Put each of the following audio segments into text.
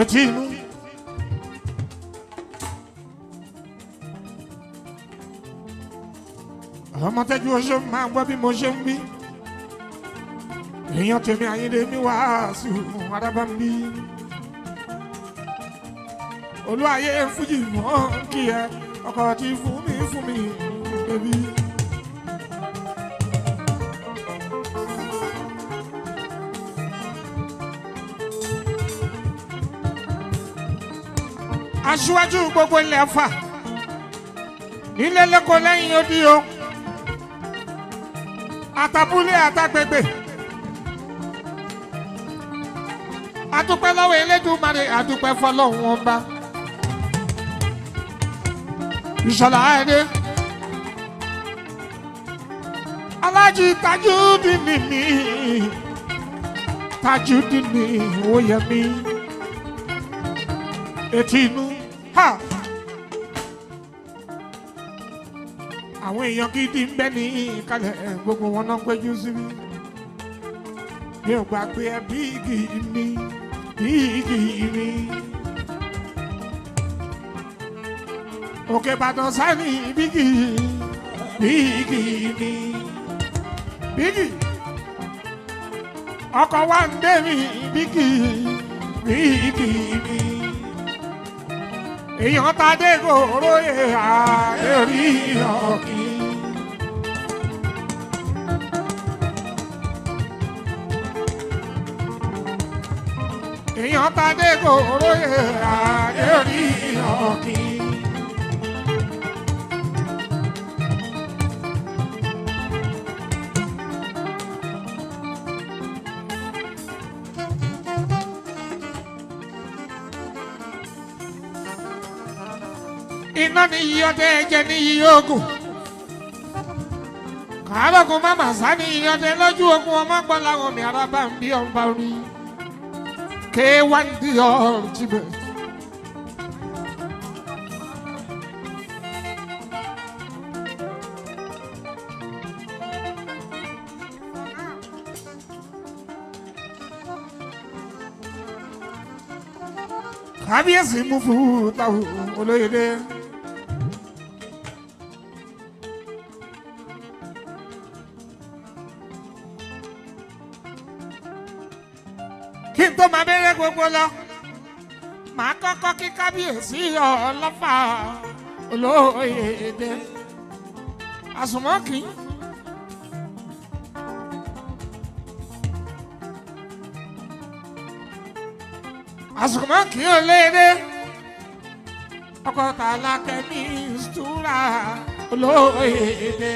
etí inú. ọmọ tẹ́jú oṣù máa gbọ́ bí mo ṣe ń bí èèyàn tèmi àyíndé mi wàásù arábàmbí olú ayé fújì mọ́ kí ẹ ọkọ̀ tí fún mi fún mi bèbí. aṣíwájú gbogbo ilẹ̀ fà nílé lẹ́kọ̀ọ́ lẹ́yìn odi o àtàbúlé àtàgbègbè adúpẹ́ lọ́wọ́ Elédùmarè adúpẹ́ fọlọ́hún ọba Ìṣọ̀lá Ayọ̀dé alájí Tajudeen mi Tajudeen mi ó yẹ etí inú àwọn èèyàn gidi ń bẹ ní ìkàlẹ̀ gbogbo wọn náà péjú síbí mi ò gbàgbé ẹbí igi mi igi mi. òkè ìbàdàn sáni bígì bígì mi bígì ọkọ̀ wa ń dé mi bígì bígì mi èèyàn ta dé gòrò èèyàn àdérí ọ̀kì. èèyàn ta dé gòrò èèyàn àdérí ọ̀kì. iná ní iye ọdẹ ẹjẹ ní iye ogun kàárọ̀gùn mama sá ní iye ọdẹ lójú ogun ọmọ gbọ́lá omi araba ń bí ọba orí k1 dr jibẹ. kábíyèsí mú fún táwọn olóyèdè. n tó máa bẹ̀rẹ̀ gbogbo lọ màá kọ́kọ́ kí kábíyèsí ọlọ́fà olóyèdè àsùnmọ́kì. àsùnmọ́kì olóyèdè ọkọ̀ tààlà kẹ́mí ìtura olóyèdè.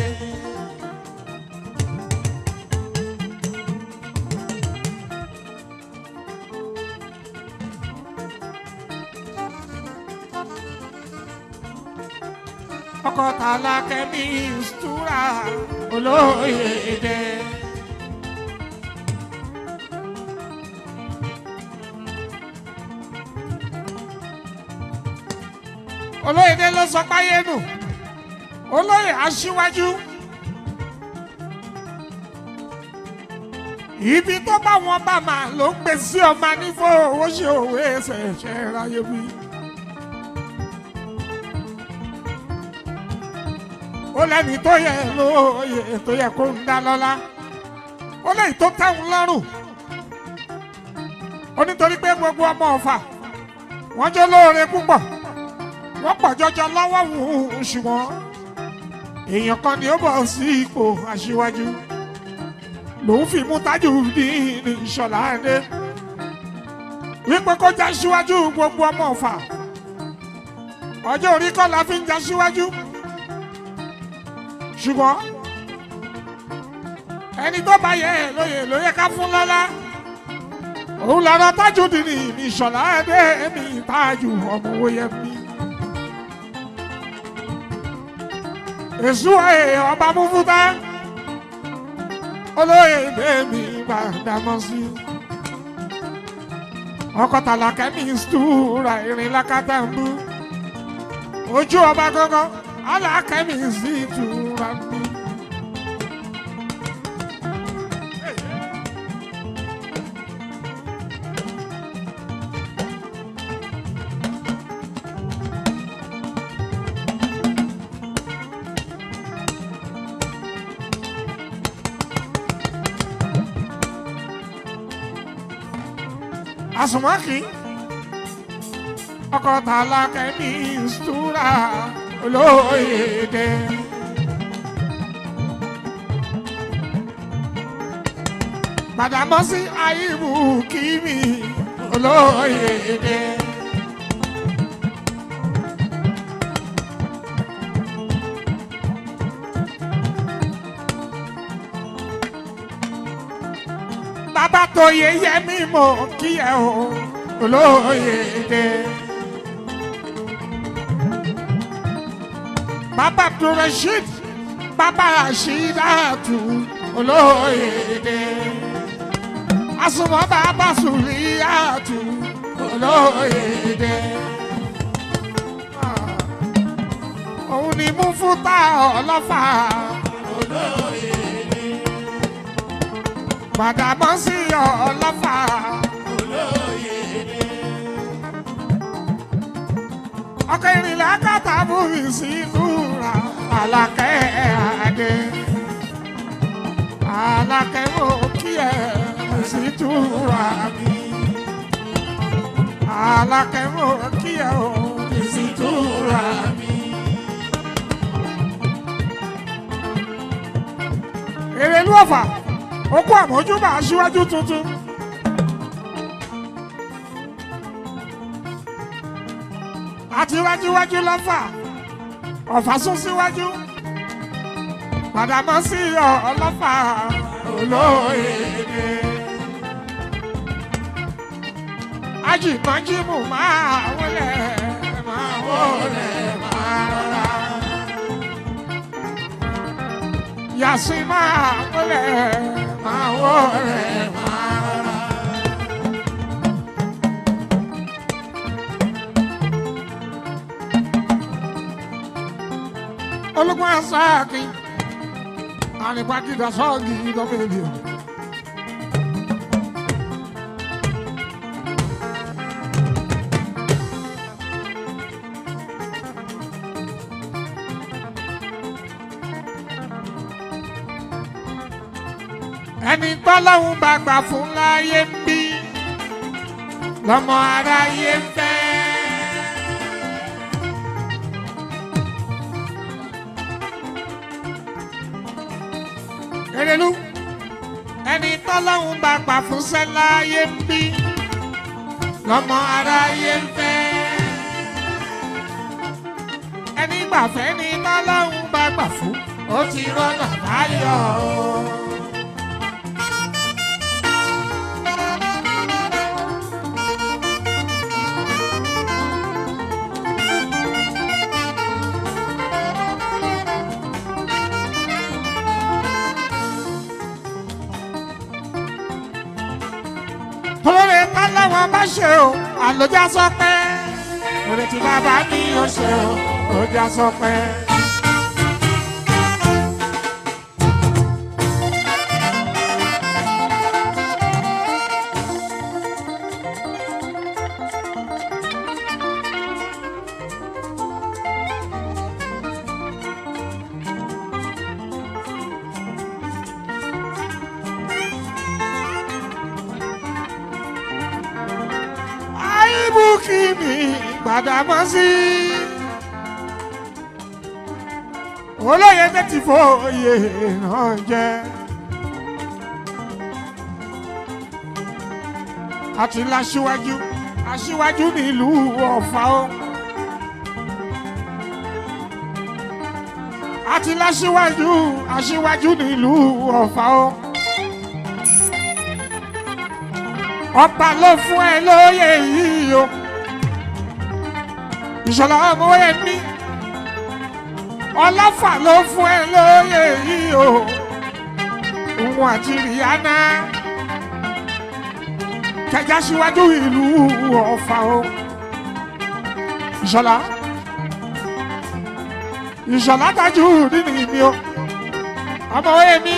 tọkọtaya kẹ́mi ìtura olóyè èdè. olóyè èdè ló sọ páyé nù olóyè aṣíwájú. ibi tó bá wọn bá mà ló ń gbé ọmọ nífọ̀ ṣe òwe ṣẹ̀ṣẹ̀ ráyé bí. ó lẹ́ni tó yẹ lóye tó yẹ kó ń dá lọ́lá ó lẹ́yìn tó táwọn lọ́rùn ó nítorí pé gbogbo ọmọ Ọ̀fà wọ́n jẹ́ lóore púpọ̀ wọ́n pọ̀ jọjọ lọ́wọ́ wùhùn ṣùgbọ́n èèyàn kan ni ó bọ̀ sí ipò aṣíwájú lòun fi mú Tajudeen Ìṣọ̀lá Adé wípé kó já síwájú gbogbo ọmọ Ọ̀fà ọjọ́ orí kọ́ la fi ń já síwájú ṣùgbọ́n ẹni tó bá yẹ ẹ lóye ló yẹ ká fún lọ́lá òun lọ́rọ̀ Tajudeen ní ìṣọ̀lá ẹ̀dẹ́ èmi ìtajù ọmọ owó yẹ mí. èṣù ẹ̀ ọba fúnfúnta olóyè bẹ́ẹ̀mí bá dámọ́ sí. ọkọ̀ tàlàkẹ́ mi ń stúra ìrìn lákàtà ń bú ojú ọba gángan. ala ka min si jura aqui, agora tá lá que é mistura. olóyèdè. Bàdàmọ́sí Àyìbù Kìmí olóyèdè. Bàbá tó yẹ yẹ mímọ́ kí ẹ o bàbá abdulrasheed bàbá rashidatu olóyèdè àsùnwọ̀n bàbá sùlíyàtù olóyèdè. Ah, òun ni mú fúta ọlọ́fà olóyèdè. Gbàdàmọ́sí ọlọ́fà. ọkọ ìrìnlá kàtà bùrì sínú ra Àlàkẹ́ Adé Àlàkẹ́ mo kí ẹ sí túra mi Àlàkẹ́ mo kí ẹ ò sí túra mi. Èrèlú Ọ̀fà okú àmójúbà aṣíwájú tuntun. àti wájúwájú lọ́fà ọ̀fà sún síwájú padà bọ́ sí ọlọ́fà olóyèdè. ajímọ̀jímù máa wọlé máa wọlé máa rà. yàsí máa wọlé máa wọlé máa ológun asáàkì àrìnpàkìdà sọ́ọ̀gì ìdọ́mẹ́lì o. ẹni tọ́lọ́hún bá gbà fún láyé ń bí lọ́mọ aráyé ń tọ́lọ́hún bá pa fúnṣẹ́ láyé ń bí lọ́mọ aráyé ń fẹ́. ẹni ni tọ́lọ́hún bá gbà fún ó ti rọ́nà báyọ̀ o. ṣe o àlòjá sọ pé òrètí bàbá ní o ṣe o òjá sọ pé. sí. olóyè tẹ́tí fòye náà jẹ́. àti láṣíwájú aṣíwájú nílùú ọ̀fà o. àti láṣíwájú aṣíwájú nílùú ọ̀fà o. ọba ló fún ẹ lóyè yìí o ìṣọ̀lá Mọ́yẹmí ọlọ́fà ló fún ẹ lóyè yìí o òun àti Rihanna kẹjá síwájú ìlú Ọ̀fà o ìṣọ̀lá ìṣọ̀lá tajú nínú ìmí o ọmọ Mọ́yẹmí.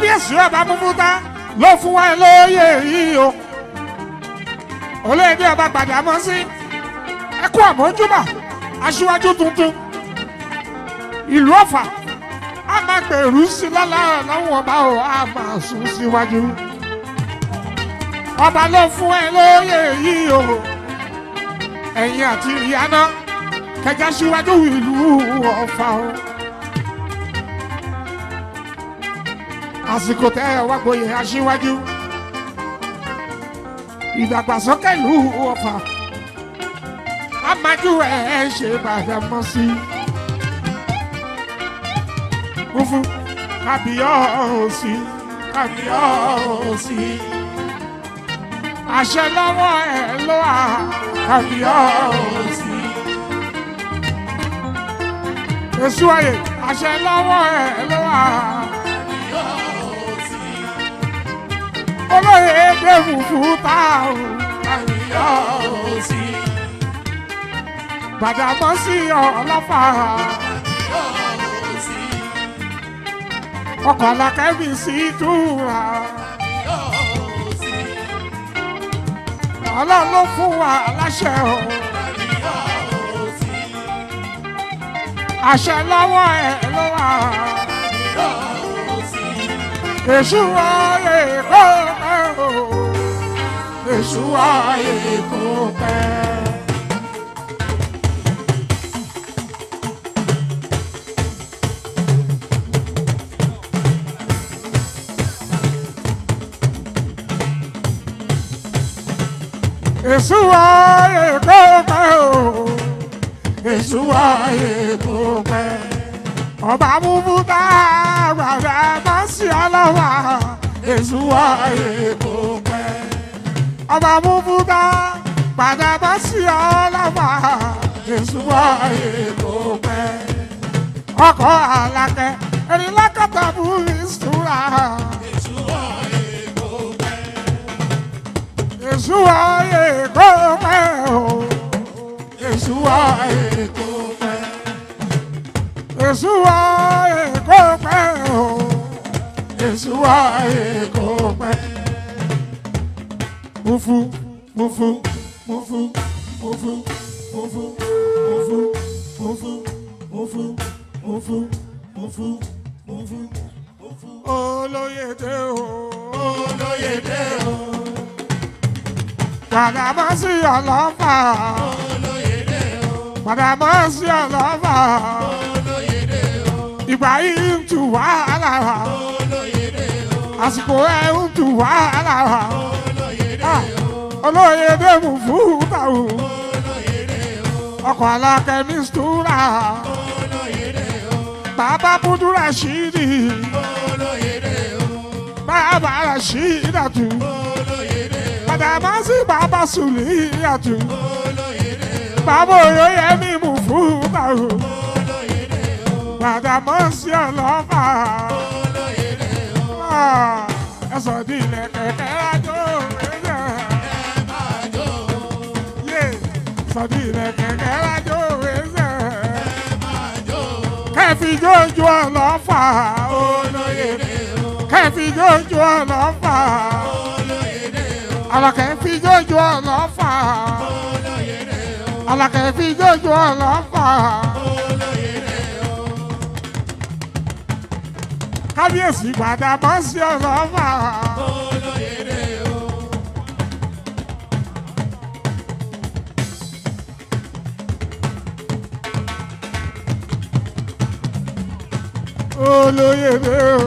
kábíyèsí ọba fúnfún tán ló fún wa lóyè yìí o olóyèdè ọba Gbàdámọ́sí ẹ kú àmójúbà aṣíwájú tuntun ìlú Ọ̀fà a máa gbèrú sí lọ́la lọ́wọ́ ọba o a máa sún síwájú ọba ló fún ẹ lóyè yìí o ẹ̀yin àti ìyá kẹjá síwájú ìlú Ọ̀fà o. àsìkò tẹ́ ẹ wá gboyè aṣíwájú ìdàgbàsókè ìlú Ọ̀fà amájú ẹ̀ ẹ̀ ṣe Ìbàdàn mọ́ sí kúfú kábíyọ̀ọ́sì kábíyọ̀ọ́sì àṣẹ lọ́wọ́ ẹ̀ ló wà kábíyọ̀ọ́sì èso ayé àṣẹ lọ́wọ́ ẹ̀ ló wà. olóyèdè fùfú tá o. àyíyá ò sí. gbàdàgbọ́ sí ọlọ́fà. àyíyá ò sí. ọkọ̀ làkẹ́bí sí túwà. àyíyá ò sí. ọlọ́run ló fún wa láṣẹ o. àyíyá ò sí. àṣẹ lọ́wọ́ ẹ̀ ló wà. àyíyá ò sí. èṣù wọlé kọ́ èṣù ayé kò pẹ́. èṣù ayé kò pẹ́ o èṣù ayé kò pẹ́. ọba múmú bá àgbàdo ọba múfúta padà bá sí ọlọ́fà èsùwọ̀ èkó pẹ́. ọkọ̀ àlàkẹ́ ẹni lákàtà fún ìṣúra. èsùwọ̀ èkó pẹ́. èsùwọ̀ èkó pẹ́ o. èsùwọ̀ èkó pẹ́. èsùwọ̀ èkó pẹ́ o. èsùwọ̀ èkó pẹ́ mufu mufu mufu mufu mufu mufu mufu mufu mufu mufu mufu mufu. olóyèdè o olóyèdè o. Badamasi ọlọ́fà. olóyèdè o. Badamasi ọlọ́fà. olóyèdè o. ìgbà yìí ń tu wàhálà wa. olóyèdè o. àsìkò ẹ̀ ń tu wa. olóyèdè o olóyèdè mufutau ọkọ̀ alákẹ́ mistura bàbá búdú rashidi bàbá rashidatu bàdàmà sí bàbá sùlíyàtù bàbá oyóyẹmí mufutau bàdàmà sí ọlọ́fà ah, ẹ̀sọ́ dílé kẹ̀kẹ́ rájò. jo sọ̀bìlẹ̀ kẹ̀kẹ́ lájò wẹ́sẹ̀. kẹ́fì jójú ọlọ́fà olóyè kẹ́fì jójú ọlọ́fà alakẹ́ fi jójú ọlọ́fà alakẹ́ fi jójú ọlọ́fà. kábíyèsí gbàdá bọ́sí ọlọ́fà. olóyèrè o.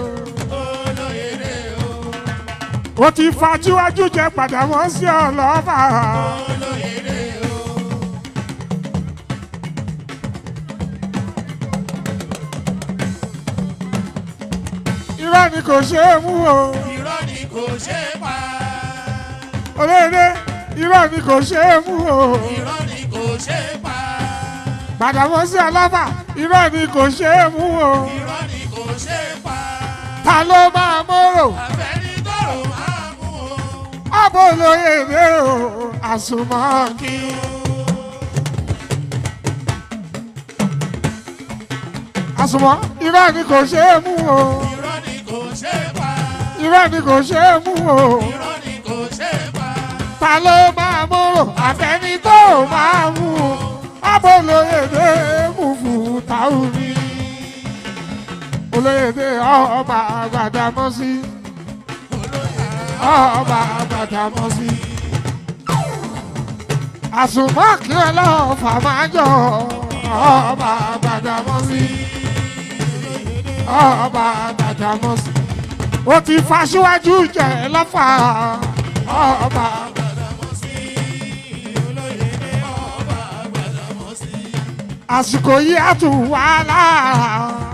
olóyèrè o. ó ti fajúwájú jẹ padà wọ́n sí ọlọ́fà. olóyèrè o. irọ́ ni kò ṣe é mú o. irọ́ ni kò ṣe é pa. olóyèrè irọ́ ni kò ṣe é mú o. irọ́ ni kò ṣe é pa. padà wọ́n sí ọlọ́fà irọ́ ni kò ṣe é mú o. irọ́ ni ta ló máa mọ́rò. àfẹ́rí tọrọ máa mú o. ọ̀bọ̀ lóye ìbéèrè o àsùnmọ́ kí o. àsùnmọ́ irọ́ ni kò ṣe é mú o. irọ́ ni kò ṣe é mú o. ta ló máa mọ́rò àfẹ́rí máa mú o. ọ̀bọ̀ lóye ìbéèrè mú fún táwọn olóyèdè ọba àgbàdàmọ́sí ọba àgbàdàmọ́sí àsùnmọ́kì ọlọ́ọ̀fà máa jọ ọba àgbàdàmọ́sí ọba àgbàdàmọ́sí ó ti fàṣíwájú jẹ lọ́fà ọba àgbàdàmọ́sí. àsìkò yìí á tún wà láàá.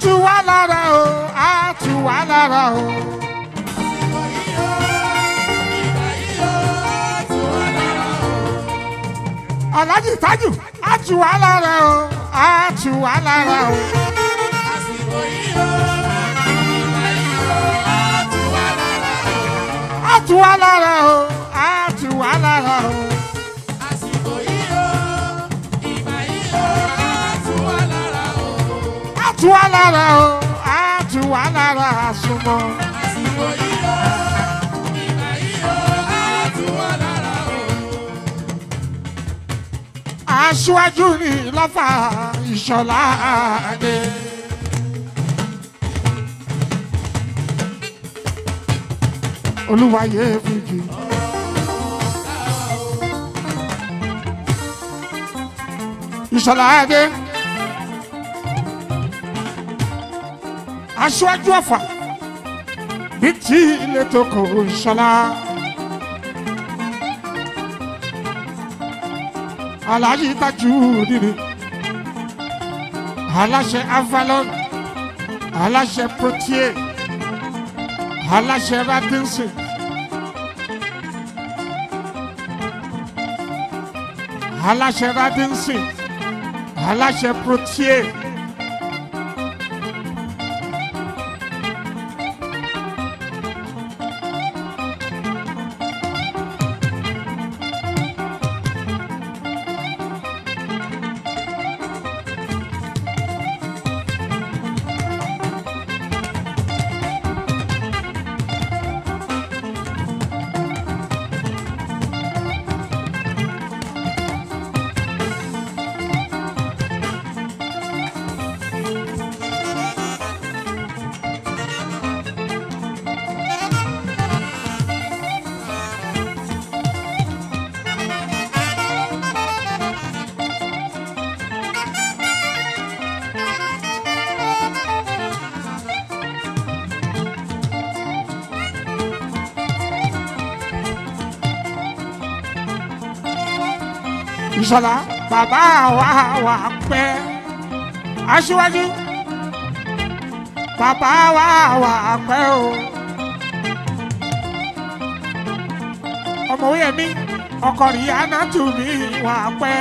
tú wá lára o á tú wá lára o. Alhaji Tájù á tú wá lára o á tú wá lára o. Á tú wá lára o. tú wá o á tú wá lára àsùnmọ́. àsìkò yìí lọ ìgbà yìí lọ á tú wá lára o. aṣíwájú ni lọ́fà ìṣọ̀lá àdé. aṣáájú ọ̀fà bí tí ilé tó kò ṣọlá. aláyí tajú nínú aláṣẹ avalon aláṣẹ protier aláṣẹ radinson. aláṣẹ radinson aláṣẹ protier. Olúṣọlá bàbá wa àwa pẹ́ aṣíwájú bàbá wa àwa pẹ́ o ọmọwé mi ọkọ Rihanna tù mí wà pẹ́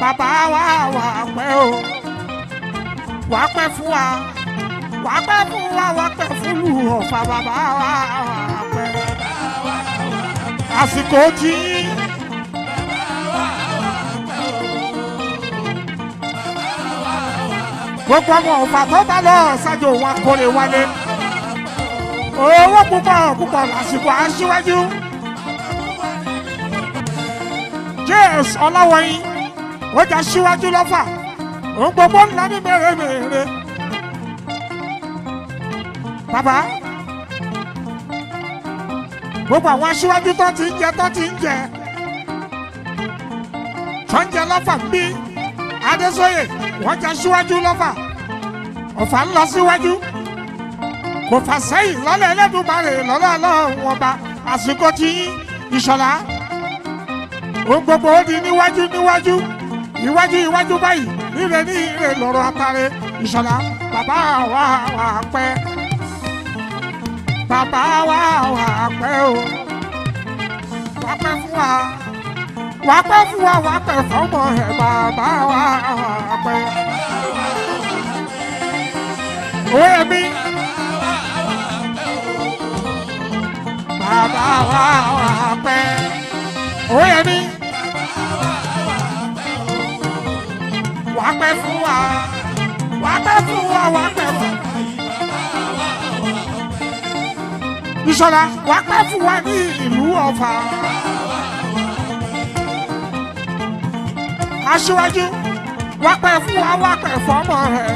bàbá wa àwa pẹ́ o wà pẹ́ fún wa wà pẹ́ fún wa wà pẹ́ fún lù ọ̀fà bàbá àwa àwa pẹ́ àsìkò tí. gbogbo ọmọ ọ̀fà tó bá lọ ṣáájú òun akọrin wálé owó púpọ̀ púpọ̀ lásìkò aṣíwájú James Ọláwọ̀yìn ó jà síwájú lọ́fà òun gbogbo ńlá ní mèremère bàbá gbogbo àwọn aṣíwájú tó ti ń jẹ tó ti ń jẹ tó ń jẹ lọ́fà bí Adésóyè wọ́n jà síwájú lọ́fà ọ̀fà ń lọ síwájú kò fà sẹ́yìn lọ́lẹ̀ ẹlẹ́dùnmarè lọ́lẹ̀ ọlọ́run ọba àsìkò ti yín ìṣọ̀lá ó gbogbo ó di níwájú níwájú iwájú iwájú báyìí níre ní ire lọ́rọ̀ àtàrẹ ìṣọ̀lá bàbá wa wà pẹ́ bàbá wa wà pẹ́ o wà pẹ́ fún wa wà pẹ́ fún wa wà pẹ́ fọ́mọ ẹ̀ bàbá wa wà pẹ́ òwe wà pẹ́ fún wa ní ìlú Ọ̀fà. Aṣíwájú wà pẹ́ fún wa wà pẹ́ fọ́mọ rẹ̀.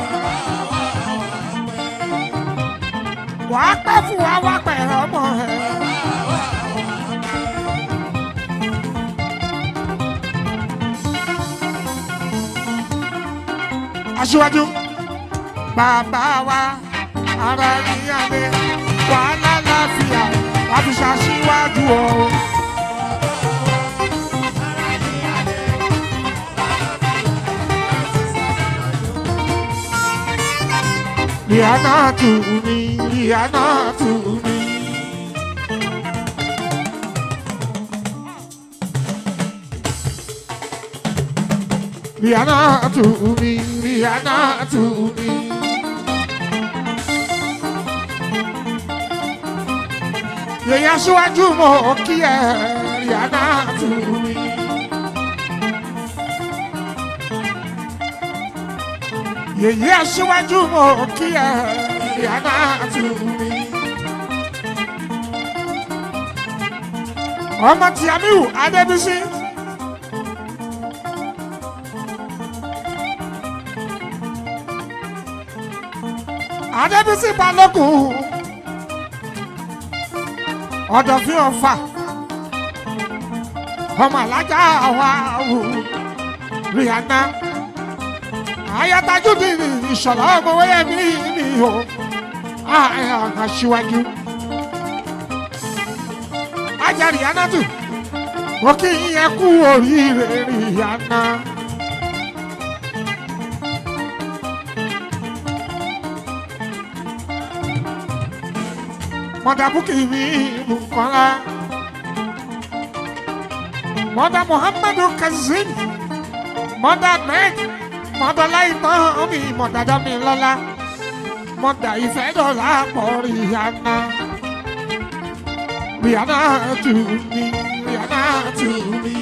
wàá pẹ́ fún wa wá pẹ̀rọ ọmọ ẹ. aṣíwájú bàbá wa ara ní alẹ́ wàhálà láfíà wàá fi ṣaṣíwájú Lianatu mi, Lianatu mi. Lianatu mi, Lianatu mi. Yèyà síwájú mọ̀ kí ẹ̀ Lianatu mi. I ẹ ìyá náà tù mí. ọmọ tí Amiu Adébísí. Adébísí Balógun ọ̀dọ̀fín ọ̀fà ọmọ alájà àwa ò rí àná ayátajú mi ni ìṣọ̀lá ọmọ wẹ́yẹ mi ni o aṣíwájú. ajáre yanatu mo kí yín ẹ kú oríire ìyáná. mọ̀dàbùkì mi Bùkọ́lá mọ̀dà Muhammadu Kazeem mọ̀dà mẹ́ẹ̀dì mọ́dọ́lá ìtàn mi mọ̀dájọ́ mi lọ́lá mọ̀dà ìfẹ́dọ̀lá pọ̀ rìhànà rìhànà tù mí rìhànà tù mí.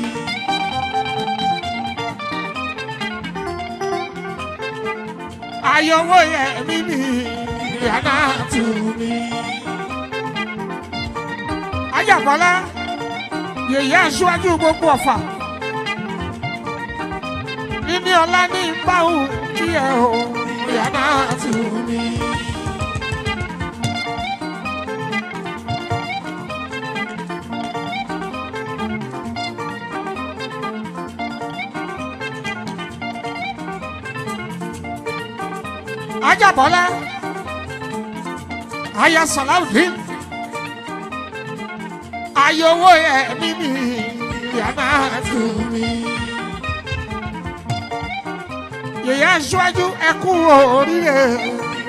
ayọ̀wọ̀ yẹ mí mi rìhànà tù mí. ayàbọ̀lá yèyí aṣáájú gbogbo ọ̀fà. Níní ọlá ní bá òun kí ẹ o ìyá máa tù mí. Ajabola aya Salaudeen ayowó ẹ̀mí mi ìyá tù mí yèyé aṣíwájú ẹ kú oríire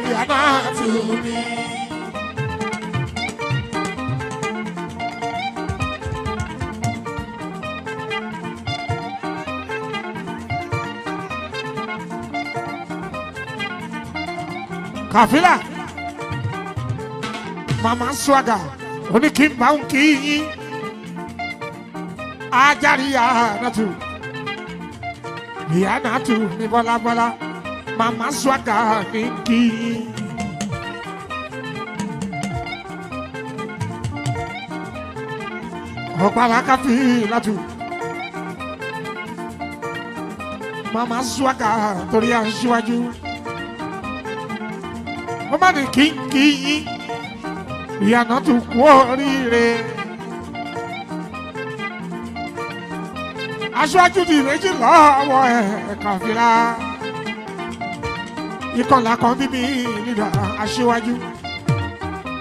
ìyá náà tù mí. kàfílà màmá swaga oníkìmbà ń kì í yín ajáríyá náà tù ìyá náà tù mí bọ́lábọ́lá màmá swaga mi kì í. ọ̀pára káfí látù màmá swaga torí à ń ṣíwájú ó má ní kí n kì í ìyá náà tù kú oríire. aṣáájú di méjì lọ́wọ́ ẹ̀ka fìlà ìkọlà kan bíbí nígbà aṣíwájú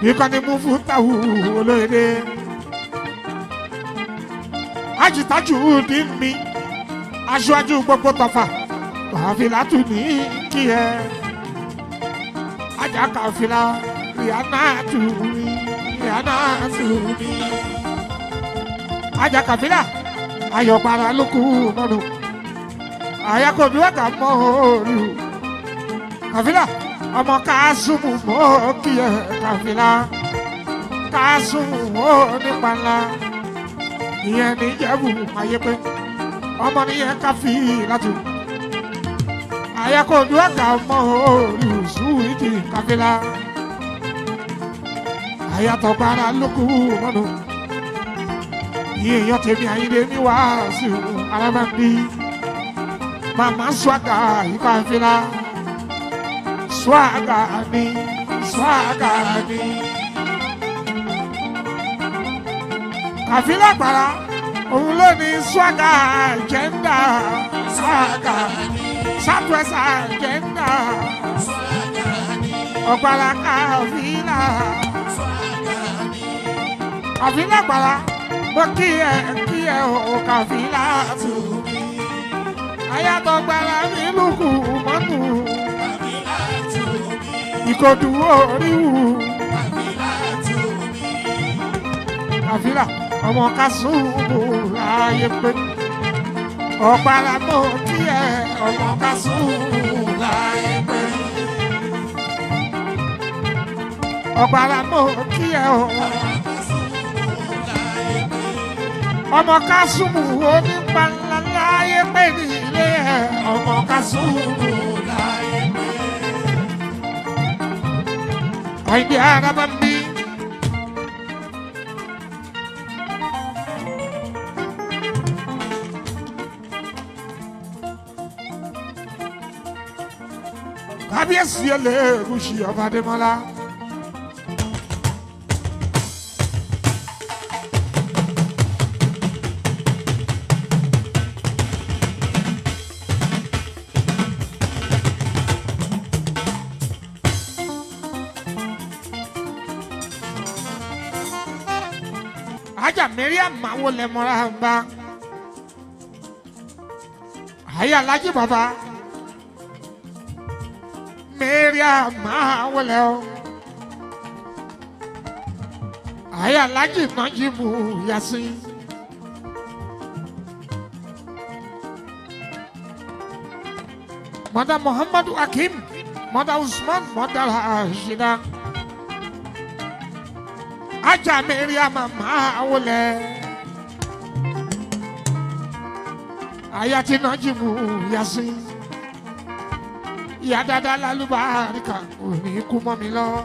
ìkànnì mú fún táwù olóyèdè ajitájú di mi aṣáájú gbogbo tọfà kàfìlà tù ní kí ẹ ajá kàfìlà rìhánà tù mí rìhánà tù mí ajá kàfìlà ayọ̀para ló kú mọ́nu àyàkọ̀bí wà ká mọ́ òòlù kàfílà ọmọ káásùmù mọ́ kí ẹ kàfílà káásùmù mọ́ nípa ńlá ìyẹn ní yẹ́bù ayé pé ọmọ nìyẹn káfí látò àyàkọ̀bí wà ká mọ́ òòlù sùwìtì kàfílà àyàtọ̀para ló kú mọ́nu ẹ̀yin èèyàn tèmi àyíndé ní wàásù alábàbí màmá swaga fila swaga mi swaga mi. àfilà gbàrà òun ló ní swaga agenda swaga southwest agenda swaga kàfilà kafila gbàrà mo kí ẹ kí ẹ ò kàfílà tù mí. ayàtọ̀ gbára mi lùkù mọ́tù. kàfílà oríwù. kàfílà tù mí. kàfílà láàyè pé ọ̀gbára mo kí ẹ ọmọ kásùmù láàyè pé. ọ̀gbára mo kí ẹ o ọmọ kásùmù onípanlá láyé pé nílé ẹ ọmọ kásùmù láyé pé. Àyìndé ara bá mi. kábíyèsí ẹlẹ́gùn sí ọba adémọ́lá. alájà mẹ́ríà máwo lẹ mọ́ra bá ayé alájì bàbá mẹ́ríà máwo lẹ o ayé alájì mọ́jì mú yasin. Mother Muhammadu Akim, Mother Usman, Mother Hashida ajá Mariam máa wọlẹ̀. àyà tí náà jì mú yá sí. ìyá dáadáa lálùbáríkà ò ní kú mọ́ mi lọ́wọ́.